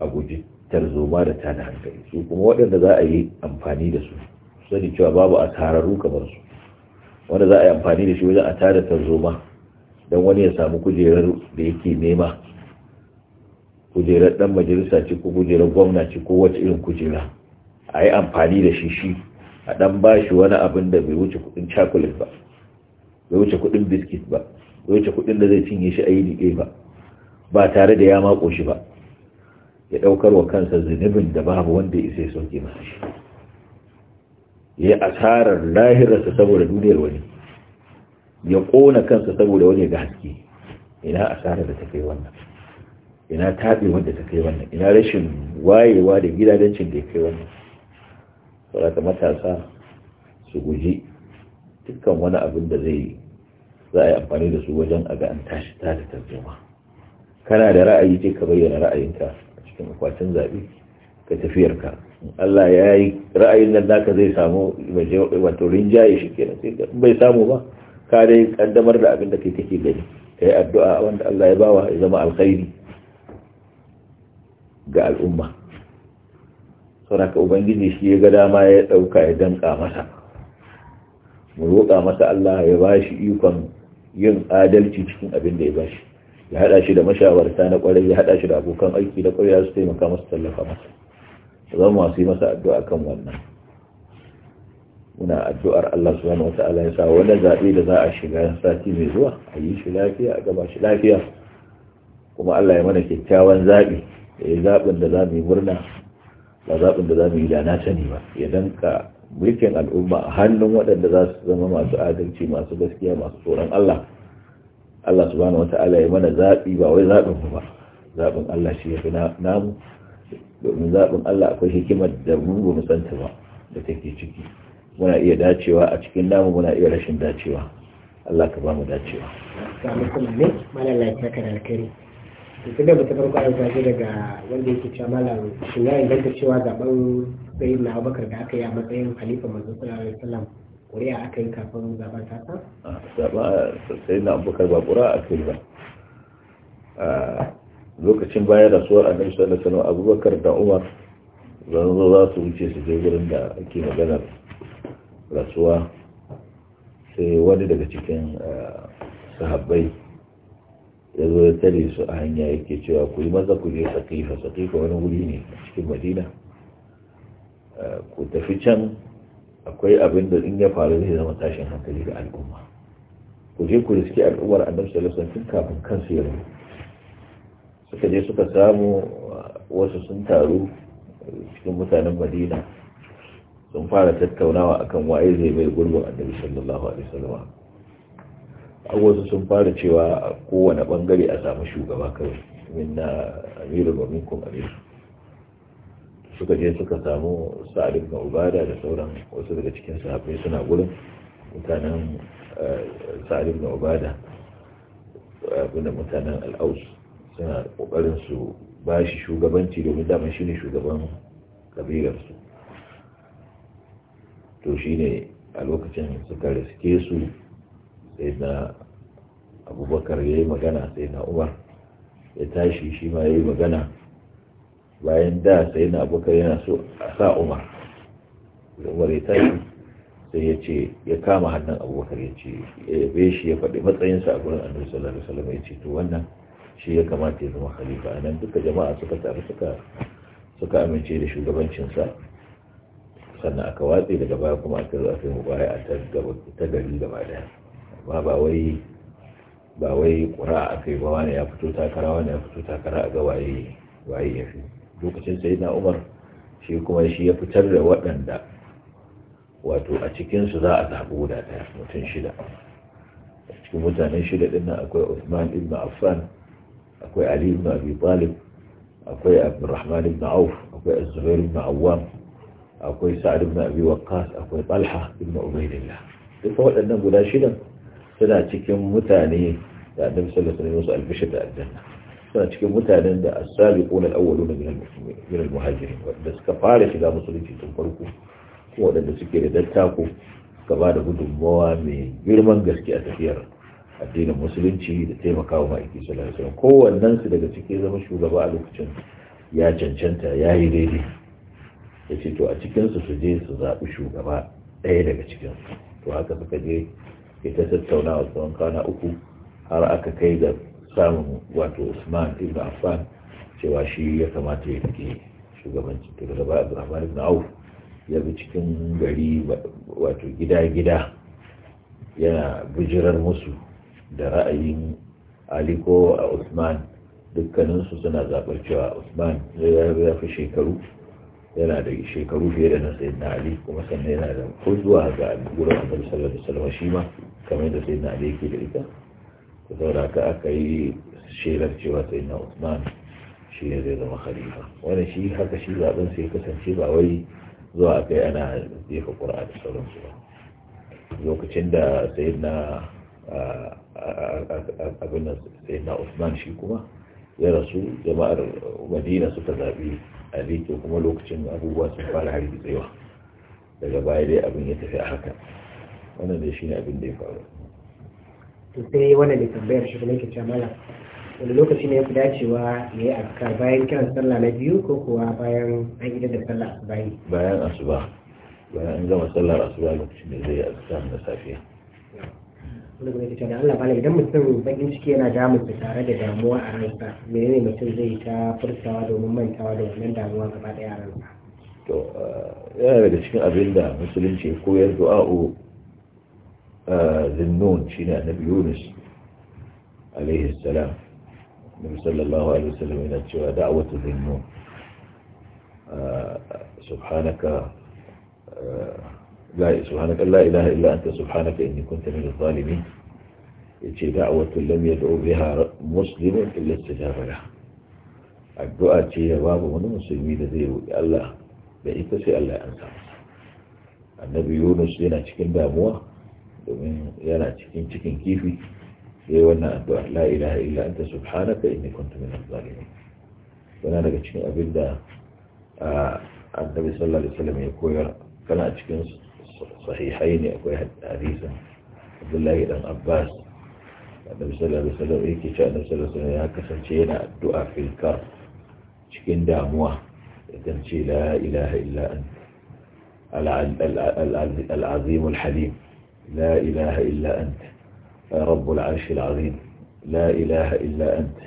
a guji tarzoma da tada hankali su kuma waɗanda za a yi amfani da su sani cewa babu a tararru kamar su wanda za a yi amfani da shi wajen a tada tarzoma don wani ya samu kujerar da yake nema kujerar ɗan majalisa ce ko kujerar gwamna ce ko wata irin kujera a yi amfani da shi shi a ɗan ba shi wani abin da bai wuce kuɗin cakulet ba bai wuce kuɗin biskit ba bai wuce kuɗin da zai cinye shi a yi ba ba tare da ya mako shi ba ya ɗaukar wa kansa zunubin da babu wanda ya isa ya sauke masa shi ya asarar lahirarsa saboda duniyar wani ya ƙona kansa saboda wani ga haske ina asarar da ta kai wannan ina taɓe wanda ta kai wannan ina rashin wayewa da gidadancin da ya kai wannan saboda matasa su guji dukkan wani abin da zai za a yi amfani da su wajen a ga an tashi ta da tarjuma kana da ra'ayi ce ka bayyana ra'ayinka a cikin akwatin zaɓe ka tafiyarka Allah ya yi ra'ayin nan naka zai samu wato rinjaye shi kenan sai bai samu ba ka dai kaddamar da abin da kai kake gani ka addu'a wanda Allah ya bawa ya zama alkhairi ga al'umma saboda ka ubangiji shi ya ga dama ya ɗauka ya danka masa mu roƙa masa Allah ya ba shi ikon yin adalci cikin abin da ya ba shi ya haɗa shi da mashawarta na kwarai ya haɗa shi da abokan aiki da ƙwarai su taimaka masa tallafa masa mu masu yi masa addu'a kan wannan muna addu'ar Allah wata wata'ala ya sa wannan zaɓe da za a shiga sati mai zuwa a yi shi lafiya a gaba shi lafiya kuma Allah ya mana kyakkyawan zaɓi da ya zaɓin da za mu yi murna ba zaɓin da za mu yi da na sani ba ya danka mulkin al'umma a hannun waɗanda za su zama masu adalci masu gaskiya masu tsoron Allah Allah wata ala ya mana zaɓi ba wai zaɓin ba zaɓin Allah shi ya fi namu domin zaɓin Allah akwai hikimar da mun ba mu ta ba da take ciki muna iya dacewa a cikin namu muna iya rashin dacewa Allah ka ba mu dacewa. Salamu kuma ne, malala lafiya da alkhairi. da ba ta farko a zaɓi daga wanda yake cewa malam shin ya inganta cewa zaben sayyid na abubakar da aka yi a matsayin halifa manzo sallallahu alaihi wasallam ƙuri'a aka yi kafin zaben tasa? zaɓa sayyid na abubakar ba ƙura a kai ba lokacin bayan rasuwar annabi sallallahu alaihi wasallam abubakar da umar zan zo za su wuce su je gurin da ake maganar rasuwa sai wani daga cikin eh, sahabbai ya zo ya tare su a hanya yake cewa ku yi maza ku je sakifa sakifa wani wuri ne a cikin madina ku tafi can akwai abin da in ya faru zai zama tashin hankali ga al'umma ku je ku riski al'ummar annabi sallallahu tun kafin kansu ya rabu suka je suka samu wasu sun taru cikin mutanen madina sun fara tattaunawa akan waye zai mai gurbin annabi sallallahu alaihi wasallam wasu sun fara cewa a kowane bangare a samu shugaba kai min na amiru ba min kuma amiru suka je suka samu sa'adin na ubada da sauran wasu daga cikin sahabbai suna gurin mutanen eh, sa'adin na ubada abinda mutanen al'aus suna kokarin su ba shi shugabanci domin daman shi ne shugaban kabilarsu to shi ne a lokacin suka riske su sai na abubakar ya yi magana sai na umar ya tashi shi ma ya yi magana bayan da sai na abubakar yana so a sa umar da umar ya tashi sai ya ce ya kama hannun abubakar ya ce ya yabe shi ya faɗi matsayinsa a gurin annabi sallallahu alaihi wasallam ya ce to wannan shi ya kamata ya zama khalifa a nan duka jama'a suka taru suka suka amince da shugabancinsa sannan aka watse daga baya kuma aka zo mu yi a ta gari gaba daya ba ba wai ba wai ƙura a kai ba wani ya fito takara wani ya fito takara a ga waye waye ya fi lokacin sai na umar shi kuma shi ya fitar da waɗanda wato a cikinsu za a zaɓi guda ɗaya mutum shida cikin mutane shida ɗin nan akwai Uthman ibn Affan akwai Ali ibn Abi Talib akwai Abdurrahman ibn Auf akwai Az-Zubair ibn Awwam akwai Sa'ad ibn Abi Waqqas akwai Talha ibn Ubaydillah duk waɗannan guda shida. suna cikin mutane da adam sallallahu alaihi wasallam albishir da aljanna suna cikin mutanen da as-sabiquna al-awwaluna min al-muhajirin wanda suka fara shiga musulunci tun farko ko wadanda suke da dattako suka ba da gudunmawa mai girman gaske a tafiyar addinin musulunci da taimakawa ma'aiki sallallahu alaihi wasallam kowannen su daga cikin zama shugaba a lokacin ya cancanta ya yi daidai ya to a cikinsu su je su zaɓi shugaba ɗaya daga cikin to haka suka je ita a tsawon kwana uku har aka kai ga samun wato usman ibn affan cewa shi ya kamata ya rike shugabancin daga gaba ibn auf ya bi cikin gari wato gida-gida yana bijirar musu da ra'ayin ko a usman dukkaninsu suna zaɓar cewa usman zai ya fi shekaru yana da shekaru fiye da na sayyidina ali kuma sannan yana da hujjuwa ga gurin annabi sallallahu alaihi wasallam shi ma kamar da sayyidina ali yake da ita to saboda haka aka yi shelar cewa sayyidina usman shi ne zai zama khalifa wannan shi haka shi zaben sai kasance ba wai zuwa a kai ana jefa ƙura da sauransu ba lokacin da sayyidina abin da sayyidina usman shi kuma ya rasu jama'ar madina suka zaɓi a to kuma lokacin abubuwa sun fara harbi tsewa daga baya dai abin ya tafi a haka wannan ne shine abin da ya faru to sai wannan da tambayar shi kuma yake cewa malam wani lokaci ne ya fi dacewa ya yi azkar bayan kiran sallah na biyu ko kuwa bayan an idar da sallah asuba bayan asuba bayan an gama sallar asuba lokacin da zai yi azkar na safiya wanda kuma yake da Allah bala idan mutum bakin ciki yana damunsa tare da damuwa a ransa menene mutum zai ta furtawa domin mantawa da wannan damuwa gaba daya a ransa to eh, yana daga cikin abin da musulunci ya koyar du'a'u eh, zinnun shine annabi Yunus alaihi salam Nabi sallallahu alaihi wasallam yana cewa da'watu zinnun eh, subhanaka لا سبحانك لا إله إلا أنت سبحانك إني كنت من الظالمين يتي دعوة لم يدعو بها مسلم إلا استجاب لها الدعاء تي يا باب من مسلمي ذي الله بإيك سي الله أنسى النبي يونس ينا تكين داموة ومن ينا تكين تكين كيفي يوانا الدعاء لا إله إلا أنت سبحانك إني كنت من الظالمين وانا لك تكين أبدا النبي صلى الله عليه وسلم يقول كان تكين صحيحين يقول حديثا عبد الله بن عباس النبي صلى الله عليه وسلم يكي شاء النبي صلى الله عليه وسلم يكسن الدعاء في الكر شكين داموة تنشي لا إله إلا أنت العظيم الحليم لا إله إلا أنت رب العرش العظيم لا إله إلا أنت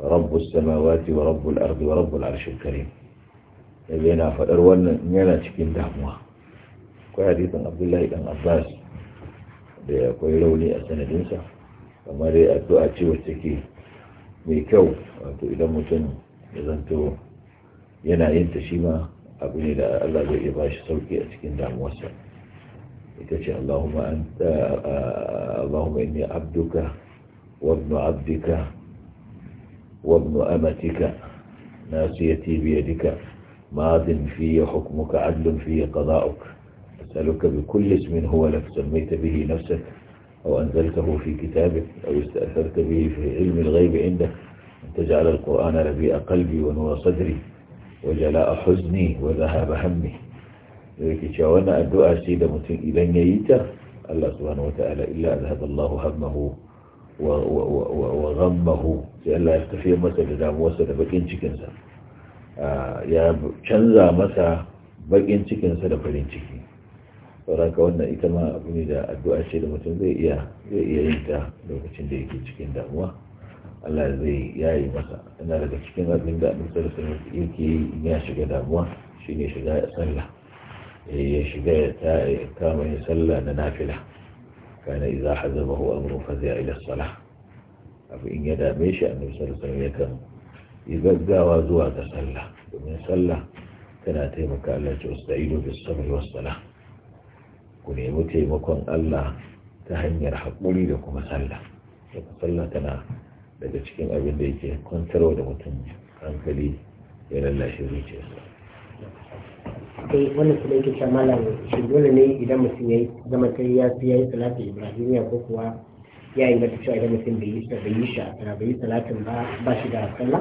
رب السماوات ورب الأرض ورب العرش الكريم لينا فأرولنا نيلا شكين داموة akwai hadisin abdullahi dan abbas da akwai rauni a sanadinsa kamar dai addu'a ce wacce ke mai kyau wato idan mutum ya zanto yana yin ta shi ma abu ne da Allah zai iya ba shi sauki a cikin damuwarsa ita ce Allahumma inni abduka wabnu abdika wabnu amatika nasiyati bi yadika madin fiye hukumuka adlun fiye qada'uka أسألك بكل اسم هو لك سميت به نفسك أو أنزلته في كتابك أو استأثرت به في علم الغيب عندك أن تجعل القرآن ربيع قلبي ونور صدري وجلاء حزني وذهاب همي لذلك شاونا الدعاء سيدة متن إلى ييتا الله سبحانه وتعالى إلا أذهب الله همه وغمه لألا يستفير مثل دام وسط بكين شكنسا آه، يا canza masa بكين شكنسا da شكنسا sauraka wannan ita ma abu ne da addu'a ce da mutum zai iya zai iya yin ta lokacin da yake cikin damuwa Allah zai yayi masa yana daga cikin abin da annabi yake yi ya shiga damuwa ne shiga sallah eh, ya shiga ta kama yin sallah na nafila kana idza ko amru fazi'a ila salah abu in ya dame shi annabi sallallahu alaihi wasallam yi gaggawa zuwa ga sallah domin sallah tana taimaka Allah ya ce usta'idu da sabri was salah ku nemi taimakon Allah ta hanyar haƙuri da kuma sallah daga sallah tana daga cikin abin da yake kwantarwa da mutum hankali ya lallashe zuciyarsa kai wannan kuma yake ce malam shi dole ne idan mutum ya zama kai ya fi ya yi salatu ibrahimiya ko kuwa ya yi mata cewa idan mutum bai yi bai yi salatin ba ba shi da sallah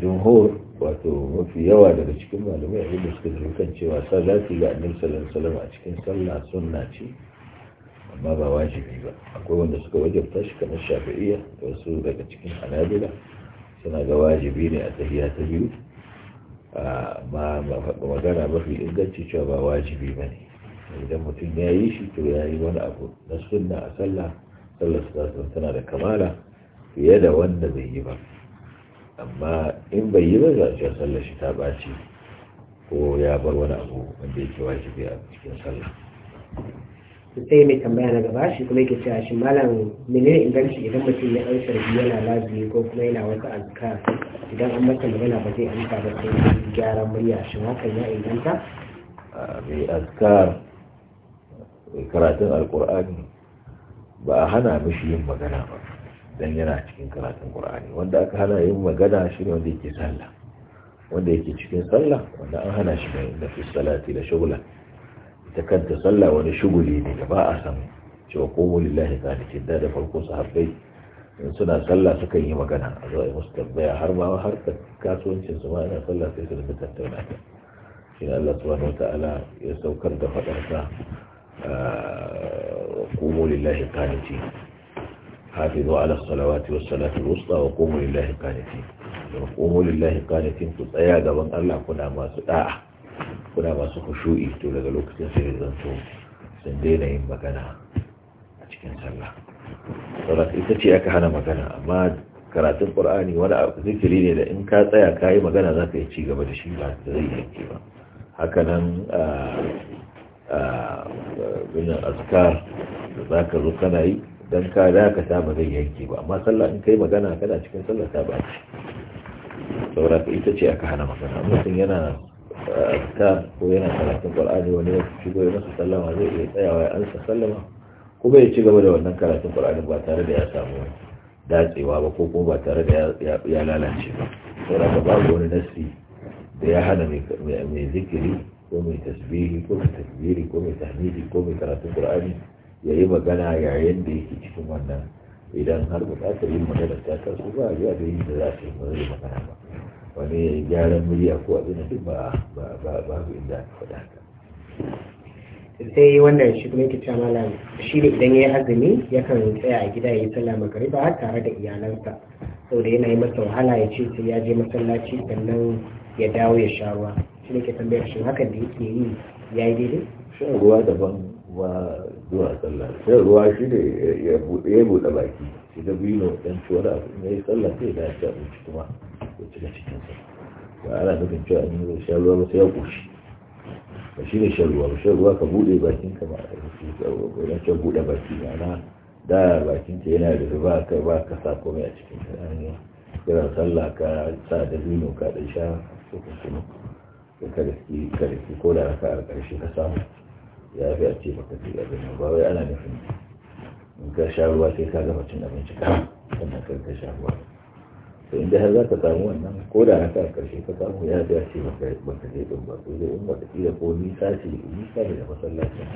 jumhur wato mafi yawa daga cikin malamai yadda suka zai kan cewa sa za su ga annabi sallallahu alaihi a cikin sallah sunna ce amma ba wajibi ba akwai wanda suka wajabta shi kamar shafi'iyya da wasu daga cikin hanabila suna ga wajibi ne a tahiya ta biyu amma magana mafi inganci cewa ba wajibi ba ne idan mutum ya yi shi to ya yi wani abu na sunna a sallah sallar su tana da kamala fiye da wanda bai yi ba amma in bai yi ba za a sallar shi ta ɓaci ko ya bar wani abu wanda yake wajibi a cikin sallah sai mai tambaya na gaba shi kuma yake cewa shi malam menene inganci idan mutum ya ɗan sarki yana lazumi ko kuma yana wata azka idan an masa magana ba zai amsa ba sai ya gyara murya shi hakan ya inganta mai azkar karatun alkur'ani ba a hana mishi yin magana ba dan yana cikin karatun qur'ani wanda aka hana yin magana shi ne wanda yake sallah wanda yake cikin sallah wanda an hana shi mai da fi salati da shugula ita kanta sallah wani shuguli ne da ba a san cewa komo lillahi qanitin da da farko sahabbai in suna sallah suka yi magana a zuwa musu tambaya har ma har kasuwancin su ma ina sallah sai su rubuta tattauna ta shi ne Allah subhanahu wataala ya saukar da fadarsa ah, komo lillahi qanitin hafizu ala salawati was salatu wusta wa qumu lillahi ku tsaya gaban Allah kuna masu da'a kuna masu kushu'i to daga lokacin sai so sun daina yin magana a cikin sallah saboda ita ce aka hana magana amma karatun qur'ani wani abu zikiri ne da in ka tsaya kayi magana za ka yi ci gaba da shi ba ta zai yanke ba hakanan nan a azkar da za ka zo kana yi dan ka da ka ba zai yanke ba amma sallah in kai magana kana cikin sallah ta ba ce saboda ka ita ce aka hana magana sun yana eh, ta ko yana karatun qur'ani wani ya shigo ya masa sallama zai iya tsayawa ya ansa sallama kuma ya ci gaba da wannan karatun ƙwar'ani ba tare da ya samu dacewa ba ko kuma ba tare da ya lalace ba saboda ka babu wani nasi da ya hana mai zikiri ko mai tasbihi ko mai tasbiri ko mai tahmidi ko mai karatun qur'ani ya yi magana yayin da yake cikin wannan idan har ta yi magana ta kasu ba a da yin da za su yi magana ba wani gyaran murya ko abin da ba ba ba inda faɗa haka sai wannan shi kuma yake cewa malam shi ne idan ya yi azumi ya kan tsaya a gida ya yi sallah magariba ba tare da iyalansa da yana yi masa wahala ya ce sai ya je masallaci sannan ya dawo ya sha ruwa shi ne ke tambayar shi hakan da yake yi ya yi daidai shan ruwa daban kuma zuwa sallah sai ruwa shi ne ya buɗe baki shi da biyu ɗan ciwar abu ne ya sallah sai da shi abinci kuma ya cika sa ba ana nufin cewa in zai shan ruwa ba sai ya ƙoshi ba shi ne shan ruwa ba shan ruwa ka buɗe bakin ka ba a cewa buɗe baki na da bakin ka yana da ba ka ba ka sa komai a cikin ta kiran sallah ka sa da biyu ka ɗan sha ko kuma ka riski ko da raka a ƙarshe ka samu ya fi a ce baka fi abin nan ba wai ana nufin in ka sha ruwa sai ka gama cin abinci ka sannan kan ka sha ruwa to inda har za ka samu wannan ko da na ka karshe ka samu ya fi a ce baka je ɗin ba ko zai in wata kila ko nisa ce nisa ne da masallacin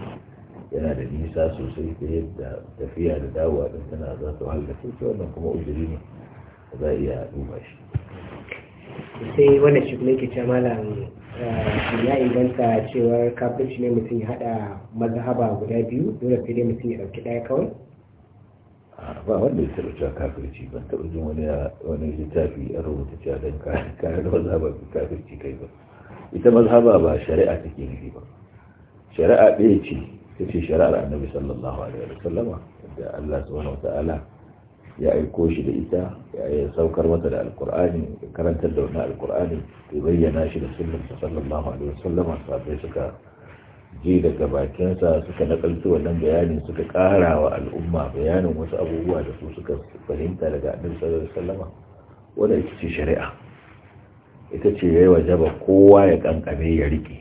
yana da nisa sosai ta yadda tafiya da dawowa din tana za su hallace shi wannan kuma uzuri ne za a iya duba shi sai wannan shi kuma yake ce malam Eh, ya inganta cewar kafirci ne mutum ya hada mazhaba guda biyu dole sai dai mutum ya dauki ɗaya kawai ba wanda ya taɓa cewa kafirci ban taɓa jin wani wani littafi a rubuta cewa don kare da mazhaba kafirci kai ba ita mazhaba ba shari'a take nufi ba shari'a ɗaya ce ta ce shari'ar annabi sallallahu alaihi wa sallama da Allah subhanahu wa ta'ala ya aiko shi da ita ya saukar mata da alkur'ani da karantar da wani alkur'ani da bayyana shi da sa sallallahu alaihi wasallam sahabbai suka ji daga bakinsa suka nakalci wannan bayani, suka ƙara wa al'umma bayanin wasu abubuwa da su suka fahimta daga annabi sallallahu alaihi wasallam wannan ita shari'a ita ce yayi wajaba kowa ya kankame ya rike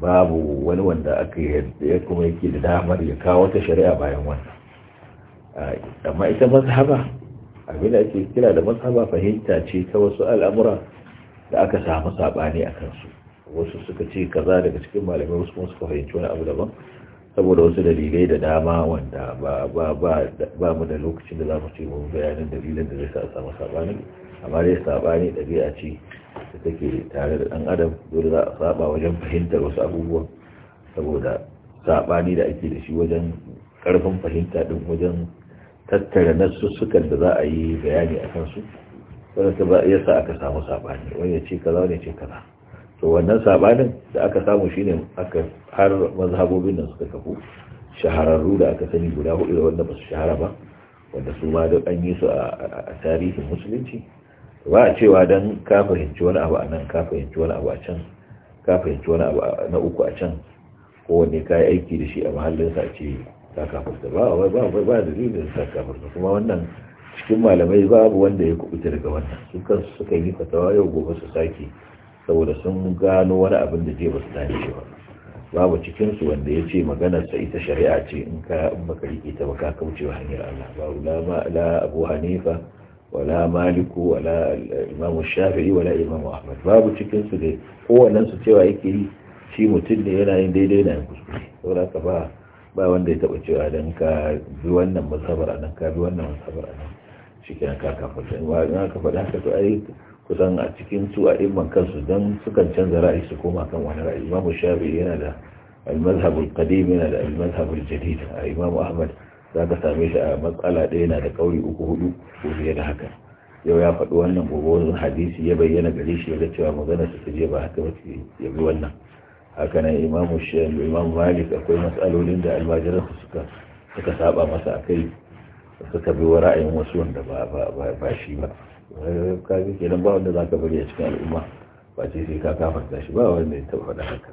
babu wani wanda aka yi kuma yake da damar ya kawo ta shari'a bayan wannan amma ita mazhaba abin da ake kira da mazhaba fahimta ce ta wasu al'amura da aka samu saɓani a kansu wasu suka ce kaza daga cikin malamai wasu kuma suka fahimci wani abu daban saboda wasu dalilai da dama wanda ba mu da lokacin da za mu ce mu bayanin dalilan da zai sa samu saɓani amma dai saɓani ɗabi'a ce da take tare da ɗan adam dole za a saɓa wajen fahimtar wasu abubuwan saboda saɓani da ake da shi wajen karfin fahimta ɗin wajen tattara nassussukan da za a yi bayani a kansu wadda ba yasa aka samu saɓani wani ya ce kaza wani ya ce kaza to wannan saɓanin da aka samu shine aka har mazhabobin nan suka kafu shahararru da aka sani guda hudu da wanda ba su shahara ba wanda su ma duk an yi su a tarihin musulunci ba a cewa don ka fahimci wani abu a nan ka fahimci wani abu a can ka fahimci wani abu na uku a can kowanne ka yi aiki da shi a mahallinsa a ce ta ba wai ba wai ba dalilin ta kuma wannan cikin malamai babu wanda ya kubuta daga wannan su kansu suka yi fatawa yau gobe su saki saboda sun gano wani abin da je basu su dace ba babu cikin su wanda ya ce maganar sa ita shari'a ce in ka in baka rike ta baka kaucewa hanyar Allah babu la la Abu Hanifa wala Maliku wala Imam Shafi'i wala Imam Ahmad babu cikin su dai kowannen su cewa yake yi shi mutum ne yana yin daidai na kuskure saboda ka ba ba wanda ya taba cewa dan ka bi wannan musabar nan ka bi wannan musabar nan shikenan ka kafarta in ka faɗa haka to ai kusan a cikin su a imman kansu dan sukan canza ra'ayi su koma kan wani ra'ayi imamu shafi yana da المذهب qadim yana da jadid imamu امام za zaka same shi a matsala ɗaya yana da kauri uku hudu ko fiye da haka yau ya faɗi wannan gobe hadisi ya bayyana gare shi ya ga cewa maganar su je ba haka ba ya bi wannan haka nan imamu shafi imamu malik akwai matsalolin da almajiran suka suka saba masa a kai suka bi wa ra'ayin wasu wanda ba shi ba kaji kenan ba wanda za bari a cikin al'umma ba ce sai ka ta shi ba wanda ya taɓa faɗa haka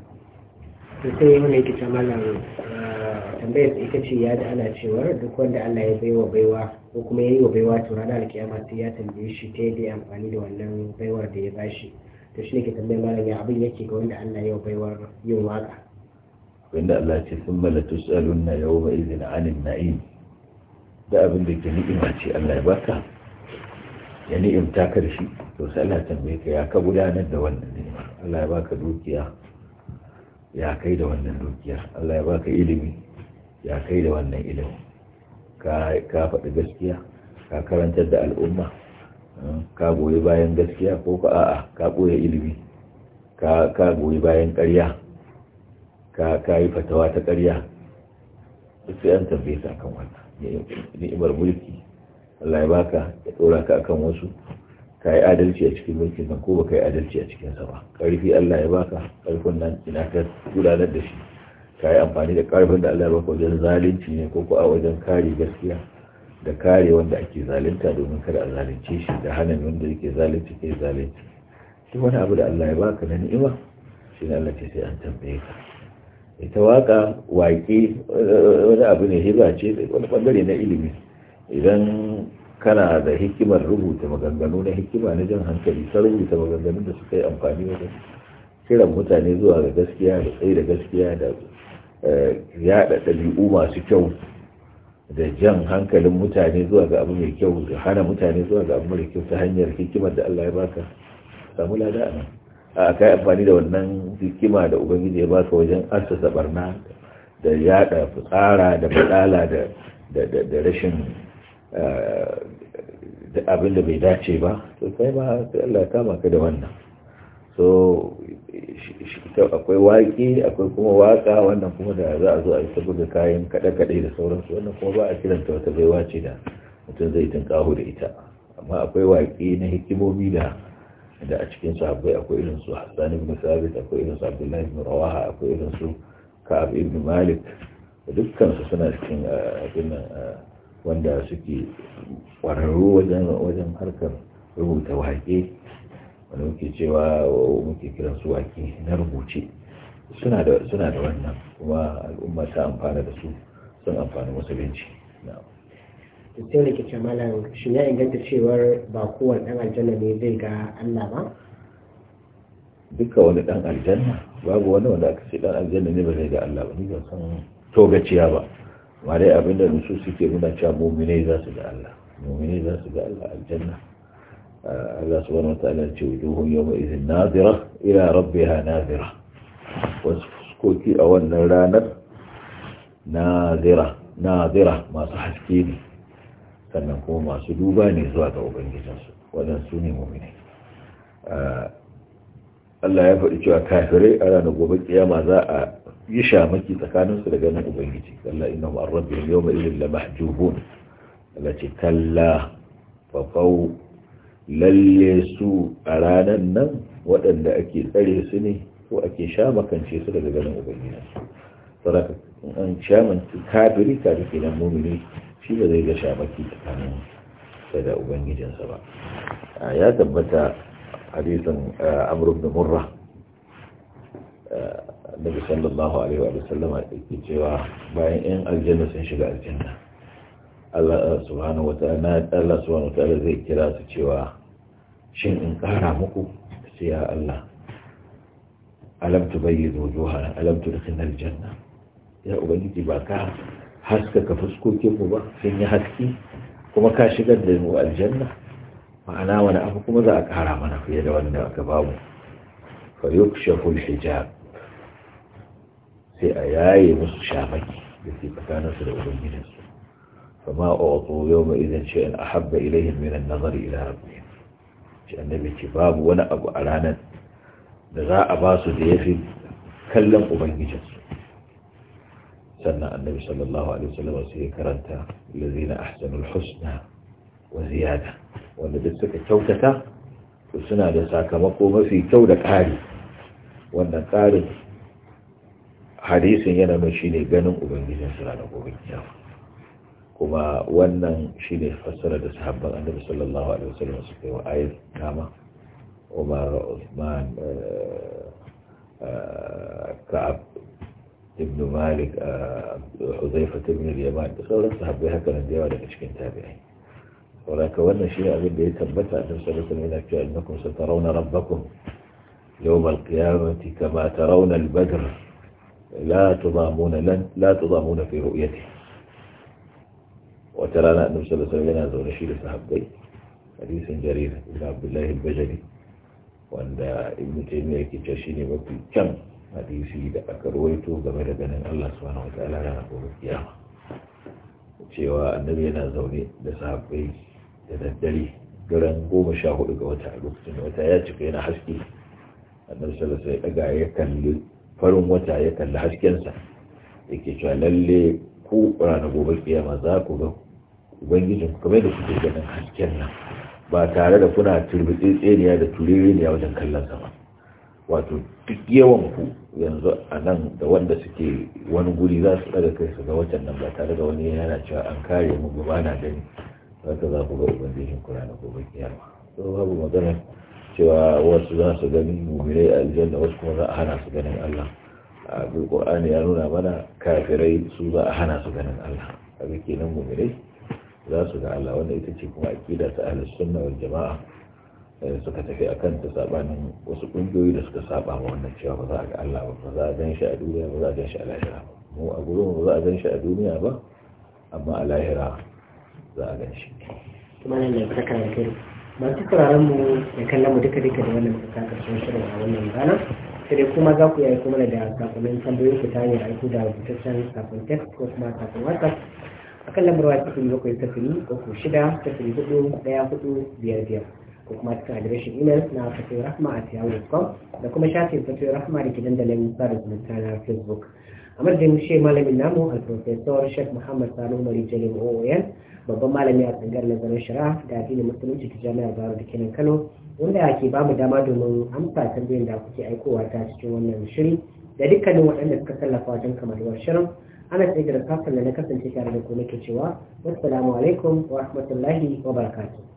sai wani yake ta malam ah, tambayar ita ce ya da ana cewa duk wanda Allah ya baiwa baiwa ko kuma ya yi wa baiwa to ranar alkiyama sai ya tambaye shi ta yadda amfani da wannan baiwar da ya bashi to shi ne ke tambayar malam ya abin yake ga wanda Allah yau baiwar yin waka wanda Allah ce sun mala tus'alunna yawma idhin 'anil na'im da abin da ke ni'ima ce Allah ya baka ya ni'imta ka da shi to sai Allah tambaye ka ya ka gudanar da wannan ni'ima Allah ya baka dukiya ya kai da wannan dukiya. Allah ya baka ilimi ya kai da wannan ilimi ka faɗi gaskiya ka karantar da al'umma ka goyi bayan gaskiya ko ka a'a ka ɓoye ilimi ka goyi bayan ƙarya ka yi fatawa ta ƙarya sai an tambaye ka wata. wannan imar mulki Allah ya baka ya tsora ka akan wasu ka yi adalci a cikin mulkin nan ko ba ka yi adalci a cikin sa ba ƙarfi Allah ya baka ƙarfin nan ina ka gudanar da shi ka yi amfani da ƙarfin da Allah ya baka wajen zalunci ne ko ko a wajen kare gaskiya da kare wanda ake zalunta domin kada a zalunce shi da hana wanda yake zalunci kai zalunci duk wani abu da Allah ya baka na ni'ima shi ne Allah ce sai an tambaye ka ita waka waƙe wani abu ne hiba ce wani bangare na ilimi idan kana da hikimar rubuta maganganu na hikima na jan hankali ta rubuta maganganu da suka yi amfani wajen kiran mutane zuwa ga gaskiya da tsaye da gaskiya da eh, yaɗa ɗabi'u masu kyau da jan hankalin mutane zuwa ga abu mai kyau da hana mutane zuwa ga abu mai kyau ta hanyar hikimar da Allah ya baka samu lada a nan a kai amfani da wannan hikima da ubangiji ya baka wajen assasa barna da yada fitsara da matsala da da rashin eh, abin da bai dace ba to kai ma sai Allah ya kama ka da wannan so akwai waƙi akwai kuma waƙa wannan kuma da za a zo a yi saboda kayan kaɗe-kaɗe da sauransu wannan kuma ba a kiranta wata baiwa ce da mutum zai tun tunƙaho da ita amma akwai waƙi na hikimomi da da a cikin su akwai irin su Hassan ibn Sabit akwai irin su Abdullahi ibn Rawaha akwai irin su Ka'ab ibn Malik dukkan su suna cikin eh, abin eh, wanda suke ƙwararru wajen wajen harkar rubuta waƙe Wani muke cewa muke kiran su wake na rubuce suna da wannan kuma al'umma ta amfana da su sun amfani musulunci sai da ke cemala shi ya inganta cewar ba kowar ɗan aljanna ne zai ga Allah ba duka wani ɗan aljanna babu wani wanda aka ce ɗan aljanna ne ba zai ga Allah ba ni ba san togaciya ba ma dai abinda nusu suke nuna cewa mummine za su ga Allah mummine za su ga Allah aljanna Allah subhanahu wa ta'ala ce wujuhun yawma idhin nazira ila rabbiha nazira wasu koki a wannan ranar nazira nazira masu haske ne sannan kuma masu duba ne zuwa ga ubangijinsu waɗansu su ne mu'mini Allah ya faɗi cewa kafirai a ranar gobe kiyama za a yi shamaki tsakaninsu da ganin ubangiji Allah inna mu arrabbihim yawma idhin la mahjubun Allah ce kalla lalle su a ranar nan waɗanda ake tsare su ne ko ake sha makance su daga ganin ubangiji saraka an sha manci kafiri kafin kenan mumini shi ba zai ga sha maki tsakanin da ubangijinsa ba ya tabbata hadisin amr ibn murra nabi sallallahu alaihi wa sallama yake cewa bayan yan aljanna sun shiga aljanna Allah subhanahu wa ta'ala zai kira su cewa shin in kara muku sai ya Allah alam tubayyiz wujuhana alam tudkhilna aljanna ya ubangiji ba ka haskaka fuskokin mu ba sun yi haske kuma ka shigar da mu aljanna ma'ana wani abu kuma za a kara mana fiye da wanda aka bamu fa yukshafu alhijab sai a yaye musu shamaki da ke tsakaninsu da ubangijinsu فما أعطوا يومئذ شيئا أحب إليهم من النظر إلى ربهم شأن نبي باب ولا أبو ألانا نزاء باس ديفي كلم أبنجس سنة النبي صلى الله عليه وسلم سيكرنت الذين أحسنوا الحسنى وزيادة ولدتك التوتة وسنة لساك مقومة في كونك عالي وأن قال حديث ينمشيني بنم أبنجس سنة أبنجس kuma wannan shi ne fassara da sahabban annabi sallallahu alaihi wasallam suke wa ayat kama umar Uthman ka'ab ibn malik huzaifa ibn al-yaman da sauran sahabbai haka nan da yawa daga cikin tabi'ai ولكن wannan shi abin da ya tabbata a cikin sallallahu alaihi wasallam yana annakum satarawna rabbakum yawm al-qiyamati kama tarawna al-badr la tudamuna lan la tudamuna fi ru'yatihi wata rana ɗin salasar yana zaune shi da sahabbai hadisin jarir ibn Abdullahi Bajani. Wanda wanda ibn taymiyyah yake cewa shine mafi kyan hadisi da aka ruwaito game da ganin Allah subhanahu wataala ranar gobe kiyama cewa annabi yana zaune da sahabbai da daddare garan goma sha hudu ga wata lokacin wata ya cika yana haske annabi sallallahu ya wasallam ya kalli farin wata ya kalli haskensa yake cewa lalle ku rana gobe kiyama za ku ga ubangijin kamar da kuke ganin hasken nan ba tare da kuna turbitsi tseniya da turereniya wajen kallon sama wato duk yawan ku yanzu a nan da wanda suke wani guri za su daga kai su ga wajen nan ba tare da wani yana cewa an kare mu ba na gani ka za ku ga ubangijin ku na gobe kiyama to babu magana cewa wasu za su gani mumirai a da wasu kuma za a hana su ganin Allah a bi ya nuna mana kafirai su za a hana su ganin Allah a kenan mumirai za su ga Allah wanda ita ce kuma aƙida ta ahlus sunna wal jama'a eh, suka tafi akan ta sabanin wasu kungiyoyi da suka saba ma wannan cewa ba za a ga Allah ba za a gan shi a duniya ba za a gan shi a lahira mu a gurin ba za a gan shi a duniya ba amma a lahira za a gan shi kuma ne mai saka da kai masu turaren mu da kallon mu duka duka da wannan suka sun shirin a wannan rana sai dai kuma za ku yi aiko mana da sakonin tambayoyin ku ta hanyar aiko da rubutaccen sakon text ko kuma sakon whatsapp akan lambarwa sifiri bakwai ko uku shida sifiri hudu daya hudu biyar biyar ko kuma cikin adireshin imel na fatoyin rahma a tiyawar.com da kuma shafin fatoyin rahma da ke dandalin sada zumunta na facebook a madadin shi malamin namu al professor sheikh muhammad sanu mari jalim oon babban malami a tsangar nazarin shara, da addinin musulunci ta jami'ar baro da kenan kano wanda ke ba mu dama domin amsa tambayin da kuke aikowa ta cikin wannan shiri da dukkanin waɗanda suka tallafa wajen kamar shirin ana ce da kafin da na kasance tare da ku nake cewa wassalamu alaikum wa rahmatullahi wa barakatuh